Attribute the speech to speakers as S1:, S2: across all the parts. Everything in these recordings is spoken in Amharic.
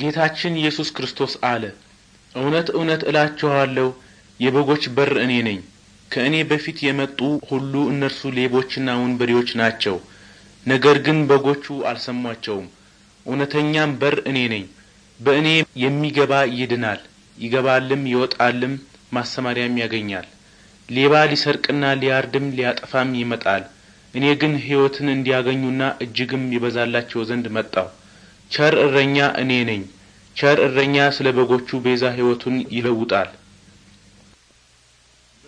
S1: ጌታችን ኢየሱስ ክርስቶስ አለ፣ እውነት እውነት እላችኋለሁ የበጎች በር እኔ ነኝ። ከእኔ በፊት የመጡ ሁሉ እነርሱ ሌቦችና ወንበዴዎች ናቸው፣ ነገር ግን በጎቹ አልሰሟቸውም። እውነተኛም በር እኔ ነኝ። በእኔ የሚገባ ይድናል፣ ይገባልም ይወጣልም፣ ማሰማሪያም ያገኛል። ሌባ ሊሰርቅና ሊያርድም ሊያጠፋም ይመጣል። እኔ ግን ሕይወትን እንዲያገኙና እጅግም ይበዛላቸው ዘንድ መጣሁ። ቸር እረኛ እኔ ነኝ። ቸር እረኛ ስለ በጎቹ ቤዛ ሕይወቱን ይለውጣል።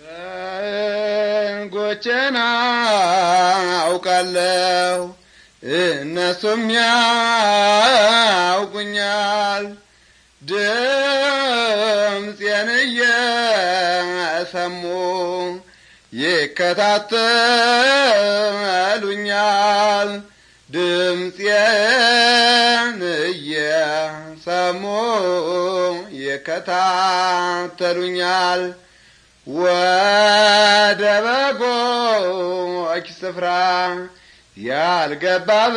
S2: በጎቼን አውቃለሁ፣ እነሱም ያውቁኛል። ድምፄን እየሰሙ ይከታተሉኛል። ድምፄን እየሰሙ ይከታተሉኛል። ወደ በጎች ስፍራ ያልገባበ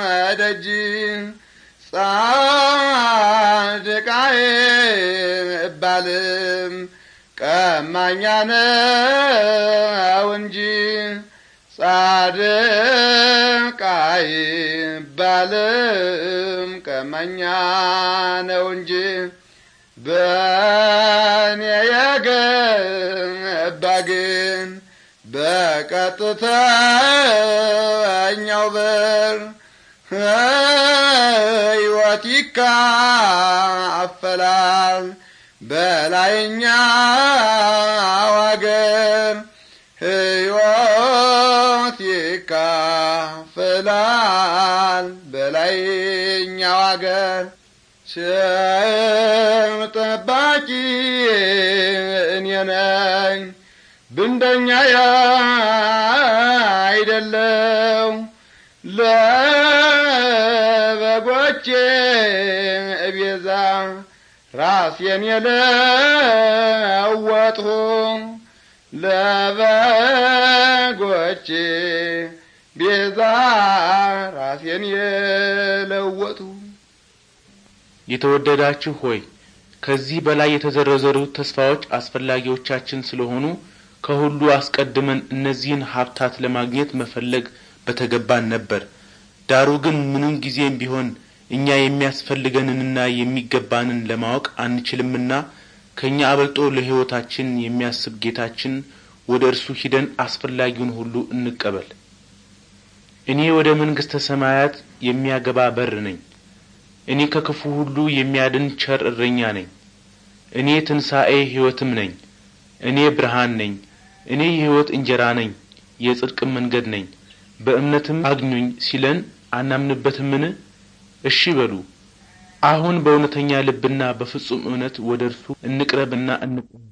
S2: በደጅ ጻድቃዬ እባልም ቀማኛ ነው እንጂ ጻድቅ አይባልም ቀመኛ ነው እንጂ በእኔ የገባ ግን በቀጥተኛው በር ሕይወት ይካፈላል በላይኛ አገር ሕይወት ይሆናል በላይኛው አገር ስም ጠባቂ እኔ ነኝ ብንደኛ አይደለው ለበጎቼ ቤዛ ራሴን የለወጥሁ ለበጎቼ ቤዛ ራሴን
S1: የለወጡ የተወደዳችሁ ሆይ ከዚህ በላይ የተዘረዘሩት ተስፋዎች አስፈላጊዎቻችን ስለሆኑ ከሁሉ አስቀድመን እነዚህን ሀብታት ለማግኘት መፈለግ በተገባን ነበር። ዳሩ ግን ምንም ጊዜም ቢሆን እኛ የሚያስፈልገንንና የሚገባንን ለማወቅ አንችልምና ከእኛ አበልጦ ለሕይወታችን የሚያስብ ጌታችን ወደ እርሱ ሂደን አስፈላጊውን ሁሉ እንቀበል። እኔ ወደ መንግሥተ ሰማያት የሚያገባ በር ነኝ። እኔ ከክፉ ሁሉ የሚያድን ቸር እረኛ ነኝ። እኔ ትንሣኤ ሕይወትም ነኝ። እኔ ብርሃን ነኝ። እኔ የሕይወት እንጀራ ነኝ፣ የጽድቅም መንገድ ነኝ። በእምነትም አግኙኝ ሲለን አናምንበትምን? እሺ በሉ። አሁን በእውነተኛ ልብና በፍጹም እምነት ወደ እርሱ እንቅረብና እንቁም።